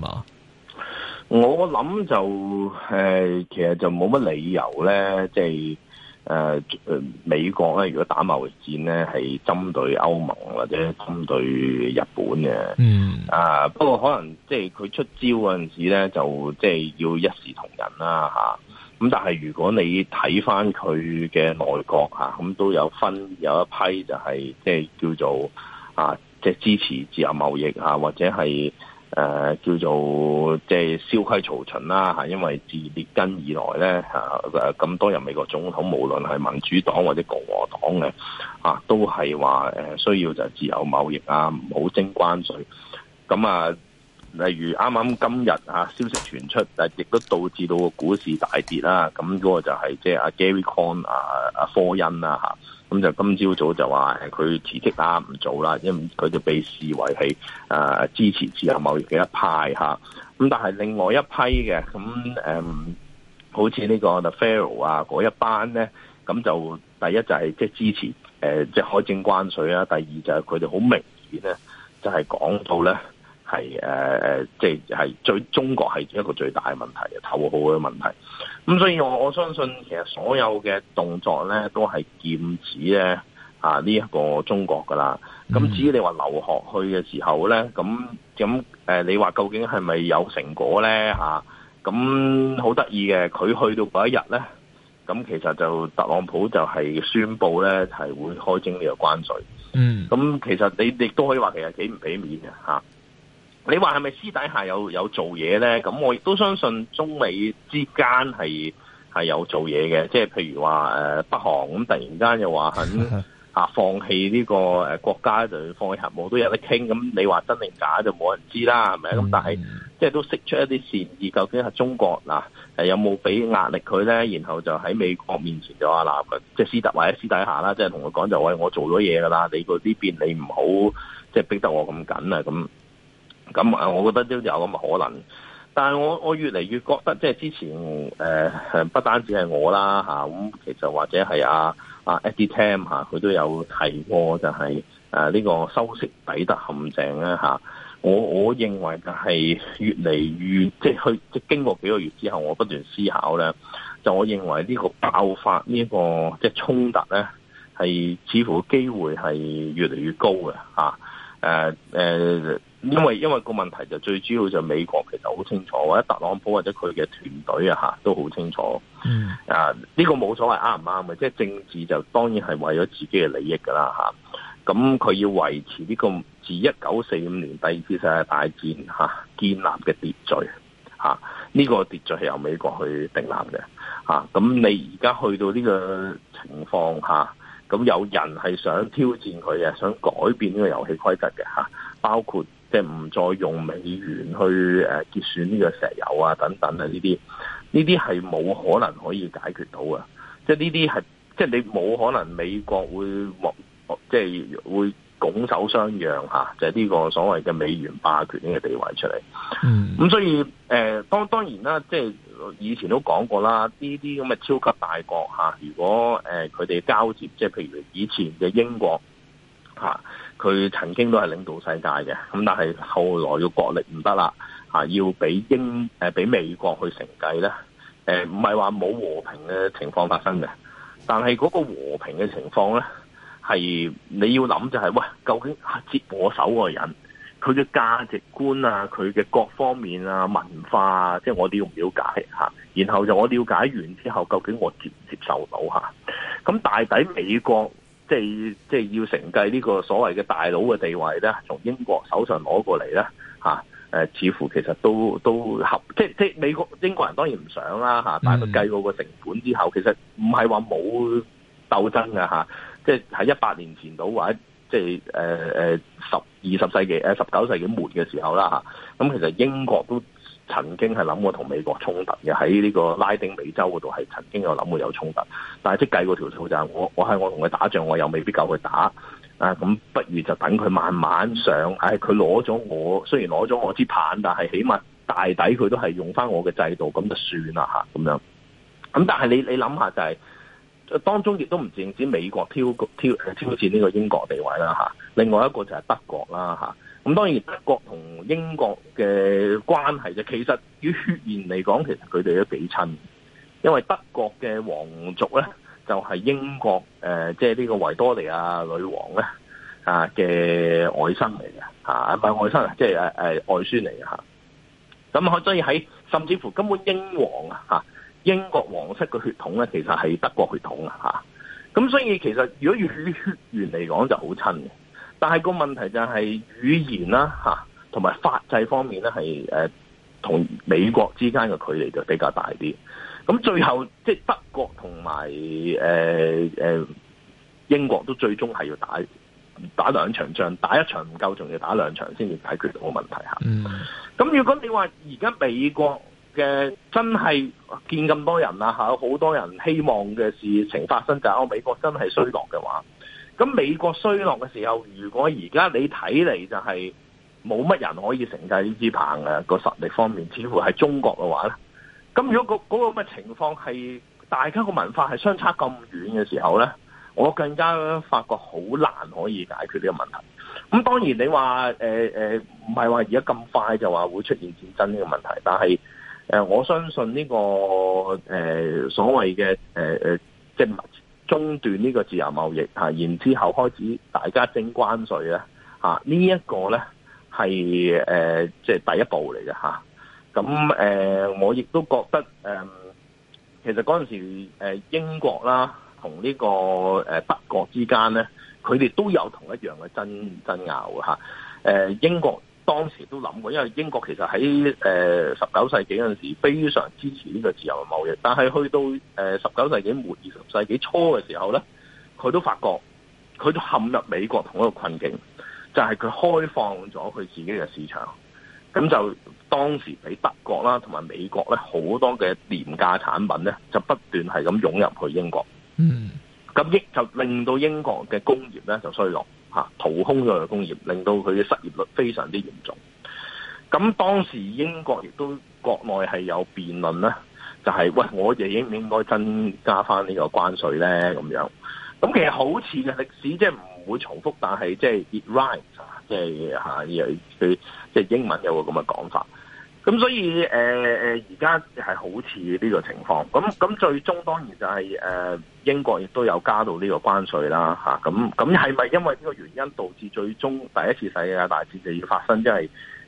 嘛，我諗就誒、呃，其實就冇乜理由咧，即係誒、呃、美國咧，如果打貿易戰咧，係針對歐盟或者針對日本嘅，嗯啊，不過可能即係佢出招嗰陣時咧，就即係要一視同仁啦吓。咁、啊、但係如果你睇翻佢嘅內閣吓，咁、啊、都有分有一批就係、是、即係叫做啊，即係支持自由貿易啊，或者係。誒叫做即係燒燬嘈塵啦嚇，因為自列根以來咧嚇，咁多任美國總統無論係民主黨或者共和黨嘅嚇，都係話誒需要就自由貿易啊，唔好徵關稅。咁啊，例如啱啱今日啊，消息傳出，誒亦都導致到個股市大跌啦。咁、那、嗰個就係即係阿 Gary Cohn 啊，阿科恩啦嚇。咁就今朝早，早就話佢辭職啦，唔做啦，因為佢就被視為係誒支持自由貿易嘅一派嚇。咁、啊、但係另外一批嘅咁誒，好似呢個 The Farrow 啊嗰一班咧，咁就第一就係即係支持即係、呃即係、海政關稅啊，第二就係佢哋好明顯咧，就係、係、講到咧。係誒誒，即係最中國係一個最大嘅問題，頭號嘅問題。咁所以我我相信，其實所有嘅動作咧都係劍指咧啊呢一個中國㗎喇。咁至於你話留學去嘅時候咧，咁咁誒，你話究竟係咪有成果咧吓？咁好得意嘅，佢去到嗰一日咧，咁其實就特朗普就係宣布咧係會開徵呢個關稅。嗯，咁其實你亦都可以話，其實幾唔俾面嘅吓。啊你話係咪私底下有有做嘢咧？咁我亦都相信中美之間係係有做嘢嘅，即係譬如話誒、呃、北韓咁、嗯、突然間又話肯啊放棄呢個國家就放棄核武都有得傾。咁你話真定假就冇人知啦，係咪？咁但係即係都釋出一啲善意，究竟係中國嗱、呃、有冇俾壓力佢咧？然後就喺美國面前就話嗱、呃，即係私達或者私底下啦，即係同佢講就喂、是、我做咗嘢㗎啦，你個呢邊你唔好即係逼得我咁緊啊咁。嗯咁啊，我覺得都有咁嘅可能，但係我我越嚟越覺得，即係之前誒、呃，不單止係我啦咁、啊、其實或者係阿阿 Eddie Tam 佢都有提過、就係，就係誒呢個修昔底德陷阱、啊、我我認為就係越嚟越，即係去即係經過幾個月之後，我不斷思考咧，就我認為呢個爆發呢、呢個即係衝突咧，係似乎機會係越嚟越高嘅嚇，啊呃因為因為個問題就最主要就美國其實好清楚，或者特朗普或者佢嘅團隊啊吓都好清楚啊，啊呢、這個冇所謂啱唔啱嘅，即係政治就當然係為咗自己嘅利益噶啦吓。咁、啊、佢要維持呢、這個自一九四五年第二次世界大戰吓、啊、建立嘅秩序，吓、啊、呢、這個秩序係由美國去定立嘅，吓、啊、咁、啊、你而家去到呢個情況下，咁、啊、有人係想挑戰佢嘅，想改變呢個遊戲規則嘅吓、啊，包括。即係唔再用美元去誒結算呢個石油啊等等啊呢啲，呢啲係冇可能可以解決到嘅。即係呢啲係，即係你冇可能美國會即係會拱手相讓嚇，就係呢個所謂嘅美元霸權呢個地位出嚟。嗯，嗯，咁所以誒、呃，當當然啦，即係以前都講過啦，呢啲咁嘅超級大國嚇，如果誒佢哋交接，即係譬如以前嘅英國嚇。啊佢曾經都係領導世界嘅，咁但係後來個國力唔得啦，啊要俾英誒俾美國去承繼咧，誒唔係話冇和平嘅情況發生嘅，但係嗰個和平嘅情況咧係你要諗就係、是、喂，究竟接我手個人佢嘅價值觀啊，佢嘅各方面啊文化啊，即、就、係、是、我哋要唔了解嚇，然後就我了解完之後，究竟我接唔接受到嚇？咁大抵美國。即係即係要承繼呢個所謂嘅大佬嘅地位咧，從英國手上攞過嚟咧，吓、啊、誒、呃，似乎其實都都合，即係即係美國英國人當然唔想啦吓、啊，但係佢計到個成本之後，其實唔係話冇鬥爭嘅吓、啊，即係喺一百年前到或者即係誒誒十二十世紀誒十九世紀末嘅時候啦吓，咁、啊嗯、其實英國都。曾經係諗過同美國衝突嘅，喺呢個拉丁美洲嗰度係曾經有諗過有衝突，但係即計過條數就係我我喺我同佢打仗，我又未必夠佢打咁、啊、不如就等佢慢慢上，唉、哎！佢攞咗我雖然攞咗我支棒，但係起碼大抵佢都係用翻我嘅制度，咁就算啦咁、啊、樣。咁但係你你諗下就係、是，當中亦都唔淨止美國挑挑挑戰呢個英國地位啦、啊、另外一個就係德國啦、啊咁當然德國同英國嘅關係就其實於血緣嚟講，其實佢哋都幾親，因為德國嘅皇族咧就係英國誒即係呢個維多利亞女王咧啊嘅外甥嚟嘅嚇，唔係外甥啊，即係誒誒外孫嚟嘅嚇。咁所以喺甚至乎根本英皇，啊英國皇室嘅血統咧，其實係德國血統啊嚇，咁所以其實如果與血緣嚟講，就好親嘅。但係個問題就係語言啦，吓同埋法制方面咧，係誒同美國之間嘅距離就比較大啲。咁最後即係德國同埋誒誒英國都最終係要打打兩場仗，打一場唔夠，仲要打兩場先至解決到個問題吓。咁如果你話而家美國嘅真係見咁多人啦，吓好多人希望嘅事情發生，就係哦美國真係衰落嘅話。咁美國衰落嘅時候，如果而家你睇嚟就係冇乜人可以承繼呢支棒嘅，個實力方面，似乎係中國嘅話咧。咁如果個嗰個咁嘅情況係大家個文化係相差咁遠嘅時候咧，我更加發覺好難可以解決呢個問題。咁當然你話誒誒唔係話而家咁快就話會出現戰爭呢個問題，但係、呃、我相信呢個誒、呃、所謂嘅誒誒即係。呃中斷呢個自由貿易、啊、然之後開始大家徵關稅咧、啊這個、呢一個咧係即係第一步嚟嘅。咁我亦都覺得、嗯、其實嗰陣時、呃、英國啦同呢、這個、呃、德國之間咧，佢哋都有同一樣嘅爭爭拗、啊、英國。當時都諗過，因為英國其實喺誒十九世紀嗰陣時非常支持呢個自由貿易，但係去到誒十九世紀末二十世紀初嘅時候呢，佢都發覺佢都陷入美國同一個困境，就係佢開放咗佢自己嘅市場，咁就當時俾德國啦同埋美國呢好多嘅廉價產品呢，就不斷係咁湧入去英國，咁亦就令到英國嘅工業呢就衰落。嚇，掏空咗個工業，令到佢嘅失業率非常之嚴重。咁當時英國亦都國內係有辯論啦，就係、是、喂，我哋應唔應該增加翻呢個關稅咧？咁樣咁其實好似嘅歷史，即係唔會重複，但係即係 it rhymes，即即係英文有個咁嘅講法。咁所以誒而家係好似呢個情況，咁咁最終當然就係、是、誒、呃、英國亦都有加到呢個關稅啦，咁咁係咪因為呢個原因導致最終第一次世界大戰就要發生？即係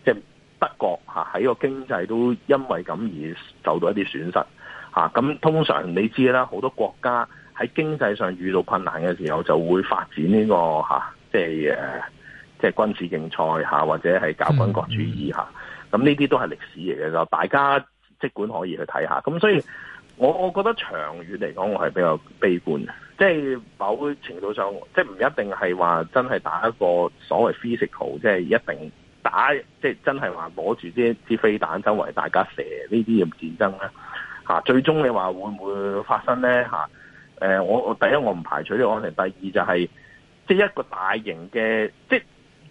即德國喺、啊、個經濟都因為咁而受到一啲損失咁、啊啊。通常你知啦，好多國家喺經濟上遇到困難嘅時候就會發展呢、呢個即係即係軍事競賽、啊、或者係搞軍國主義、啊。咁呢啲都係歷史嚟嘅咯，大家即管可以去睇下。咁所以我我覺得長遠嚟講，我係比較悲觀嘅。即係某程度上，即係唔一定係話真係打一個所謂 physical，即係一定打，即係真係話攞住啲飛彈周圍大家射呢啲嘅戰爭咧嚇。最終你話會唔會發生咧嚇？呃，我第一我唔排除呢個案情，第二就係即係一個大型嘅即係。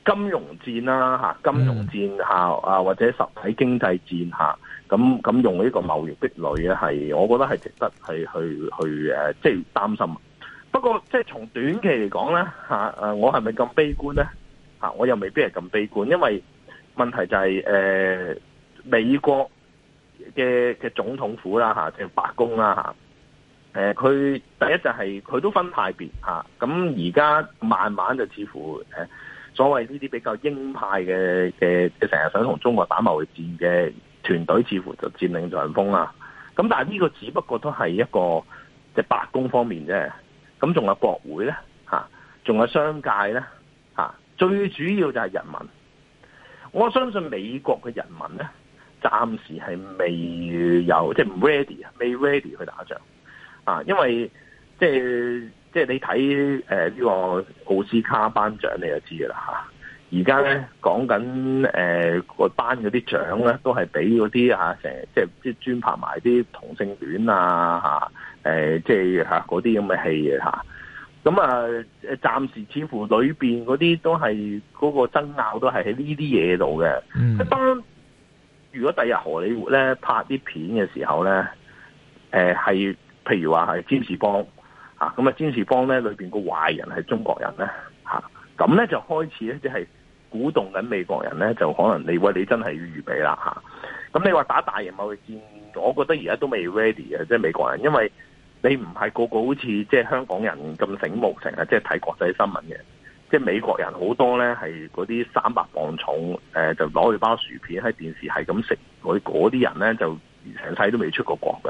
金融戰啦、啊、嚇，金融戰下啊，或者實體經濟戰下、啊，咁咁用呢個貿易壁壘咧，係我覺得係值得係去去誒、啊，即係擔心、啊。不過即係從短期嚟講咧嚇，誒、啊、我係咪咁悲觀咧嚇、啊？我又未必係咁悲觀，因為問題就係、是、誒、呃、美國嘅嘅總統府啦、啊、嚇，即、啊就是、白宮啦、啊、嚇，誒、啊、佢、啊、第一就係、是、佢都分派別嚇，咁而家慢慢就似乎誒。啊。所謂呢啲比較鷹派嘅嘅，成日想同中國打貿易戰嘅團隊，似乎就佔領上風啦。咁但係呢個只不過都係一個即係、就是、白宮方面啫。咁仲有國會咧，嚇，仲有商界咧，嚇，最主要就係人民。我相信美國嘅人民咧，暫時係未有即係唔 ready 啊，未 ready 去打仗啊，因為。即係即係你睇誒呢個奧斯卡頒獎，你就知啦吓。而家咧講緊誒個頒嗰啲獎咧，都係俾嗰啲啊成日即係即係專拍埋啲同性戀啊吓誒、啊、即係吓嗰啲咁嘅戲吓。咁啊誒暫時似乎裏邊嗰啲都係嗰、嗰個爭拗都係喺呢啲嘢度嘅。一般、嗯、如果第日荷里活咧拍啲片嘅時候咧，誒、呃、係譬如話係占士邦。咁啊，支持方咧，裏邊個壞人係中國人咧，吓咁咧就開始咧即係鼓動緊美國人咧，就可能你話你真係要預備啦吓。咁、啊啊啊、你話打大型貿易戰，我覺得而家都未 ready 嘅，即、就、係、是、美國人，因為你唔係個個好似即係香港人咁醒目成日，即係睇國際新聞嘅，即、就、係、是、美國人好多咧係嗰啲三百磅重，誒、呃、就攞去包薯片喺電視係咁食，佢嗰啲人咧就成世都未出過國嘅，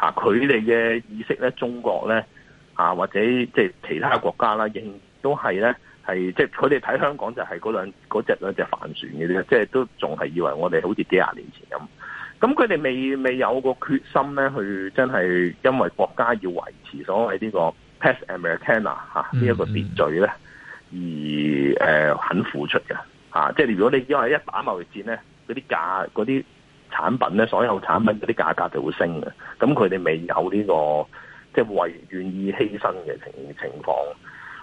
吓佢哋嘅意識咧，中國咧。啊，或者即係其他國家啦，仍都係咧，係即係佢哋睇香港就係嗰兩嗰隻兩隻帆船嘅啫，即係都仲係以為我哋好似幾廿年前咁。咁佢哋未未有個決心咧，去真係因為國家要維持所謂呢個 Pax Americana 啊，呢、這、一個秩序咧，而誒、呃、肯付出嘅、啊。即係如果你因為一打貿易戰咧，嗰啲價嗰啲產品咧，所有產品嗰啲價格就會升嘅。咁佢哋未有呢、這個。即係為願意犧牲嘅情情況，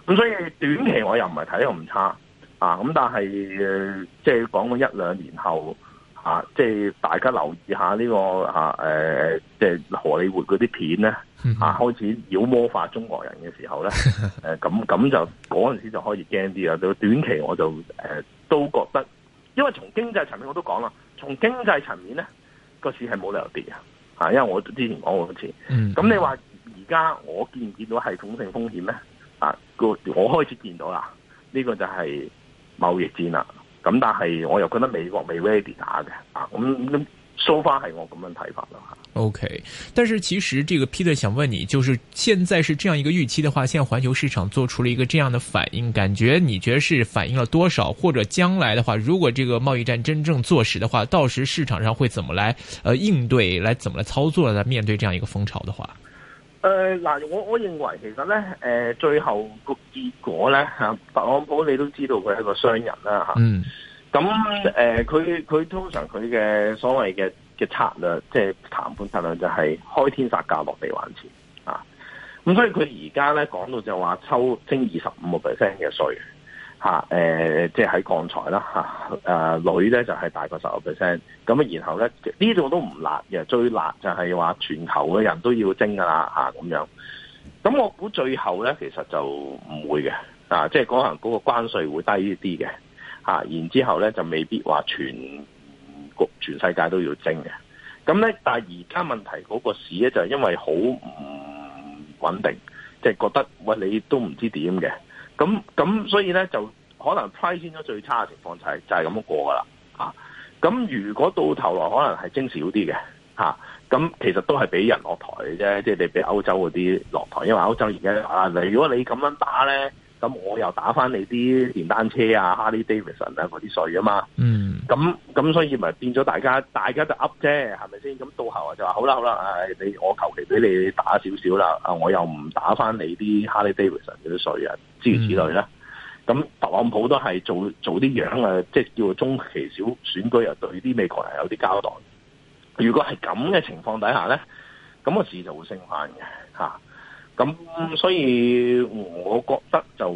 咁所以短期我又唔係睇得咁差啊！咁但係、呃、即係講緊一兩年後、啊、即係大家留意下呢、呢個、啊呃、即係荷里活嗰啲片咧啊，開始妖魔化中國人嘅時候咧，咁、啊、咁、啊啊啊、就嗰陣時就可以驚啲啦。到短期我就、啊、都覺得，因為從經濟層面我都講啦，從經濟層面咧個市係冇理由跌啊吓，因為我之前講過一次，咁你話。而家我見唔見到系統性風險呢？啊，個我開始見到啦，呢個就係貿易戰啦。咁但係我又覺得美國未 ready 打嘅。啊，so far，係我咁樣睇法啦。OK，但是其實這個 Peter 想問你，就是現在是這樣一個預期的話，現在環球市場做出了一個這樣的反應，感覺你覺得是反映了多少？或者將來的話，如果這個貿易戰真正坐實的話，到時市場上會怎麼來呃應對？來怎麼來操作？來面對這樣一個風潮的話？誒，嗱、呃，我我認為其實咧，誒、呃，最後個結果咧吓、啊，特朗普你都知道佢係一個商人啦吓，咁、啊、誒，佢佢、嗯呃、通常佢嘅所謂嘅嘅策略，即係談判策略就係開天殺價，落地還錢啊，咁所以佢而家咧講到就話抽升二十五個 percent 嘅稅。嚇、啊呃，即係喺鋼材啦，嚇、啊，誒、呃，鋁咧就係大過十二 percent，咁啊，然後咧呢度都唔辣嘅，最辣就係話全球嘅人都要徵噶啦，咁樣。咁我估最後咧，其實就唔會嘅，啊，即係可能嗰個關稅會低啲嘅，然之後咧就未必話全全世界都要徵嘅。咁咧，但係而家問題嗰個市咧就係、是、因為好唔穩定，即、就、係、是、覺得喂你都唔知點嘅。咁咁，所以咧就可能 price 先咗最差嘅情況，就係就係咁樣過噶啦啊！咁如果到頭來可能係徵少啲嘅吓，咁其實都係俾人落台嘅啫，即係你俾歐洲嗰啲落台，因為歐洲而家啊，如果你咁樣打咧，咁我又打翻你啲電單車啊、Harley Davidson 啊嗰啲稅啊嘛。嗯咁咁，所以咪變咗大家大家就噏啫，係咪先？咁到後就話好啦好啦，你我求其俾你打少少啦，我，點點我又唔打翻你啲 Harley Davidson 嗰啲稅啊，諸如此類啦。咁特朗普都係做做啲樣啊，即係叫做中期少選舉又對啲美國人有啲交代。如果係咁嘅情況底下咧，咁個市就會升翻嘅吓。咁所以，我覺得就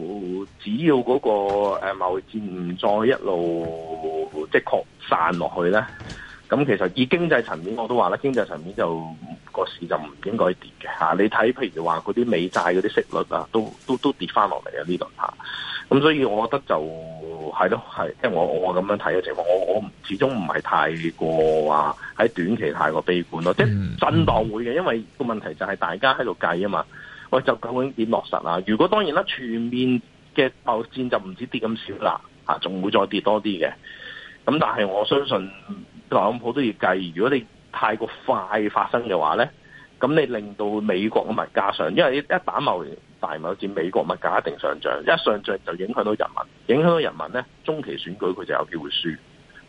只要嗰個誒貿易戰唔再一路即係擴散落去咧，咁其實以經濟層面我都話啦，經濟層面就、個市就唔應該跌嘅吓、啊，你睇譬如話嗰啲美債嗰啲息率啊，都都都跌翻落嚟啊呢輪吓，咁所以，我覺得就係咯，係即係我我咁樣睇嘅情況，我我始終唔係太過話，喺、啊、短期太過悲觀咯，即係震蕩會嘅，因為個問題就係大家喺度計啊嘛。我就究竟點落實啊？如果當然啦，全面嘅貿戰就唔止跌咁少啦，嚇仲會再跌多啲嘅。咁但係我相信特朗普都要計，如果你太過快發生嘅話咧，咁你令到美國嘅物價上，因為一打貿戰、大貿戰，美國物價一定上漲，一上漲就影響到人民，影響到人民咧，中期選舉佢就有機會輸。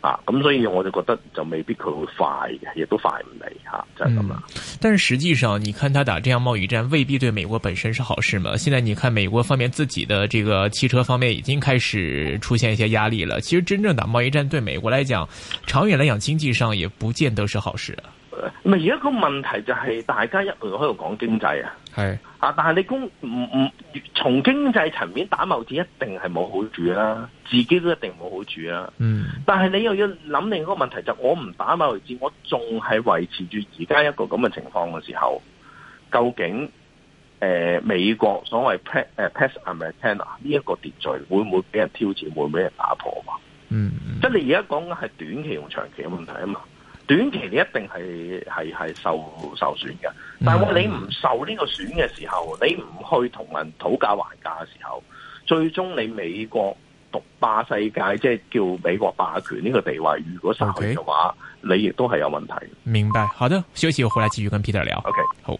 啊，咁所以我就覺得就未必佢會快嘅，亦都快唔嚟吓，就係咁啦。但是實際上，你看他打這樣貿易戰，未必對美國本身是好事嘛。現在你看美國方面自己的這個汽車方面已經開始出現一些壓力了。其實真正打貿易戰對美國來講，長遠來講經濟上也不見得是好事啊。咪而家個問題就係、是、大家一路喺度講經濟啊，係啊是，但係你供唔唔從經濟層面打貿易戰一定係冇好處啦，自己都一定冇好處啦。嗯，但係你又要諗另一個問題，就我唔打貿易戰，我仲係維持住而家一個咁嘅情況嘅時候，究竟誒、呃、美國所謂 Pax 誒 Americana 呢一個秩序會唔會俾人挑戰，會唔會俾人打破嘛？嗯，即係你而家講緊係短期同長期嘅問題啊嘛。短期你一定係係係受受損嘅，但係你唔受呢個損嘅時候，你唔去同人討價還價嘅時候，最終你美國獨霸世界，即係叫美國霸權呢個地位，如果失去嘅話，Okay? 你亦都係有問題的。明白，好的，休息我回來繼續跟 Peter 聊。OK，好。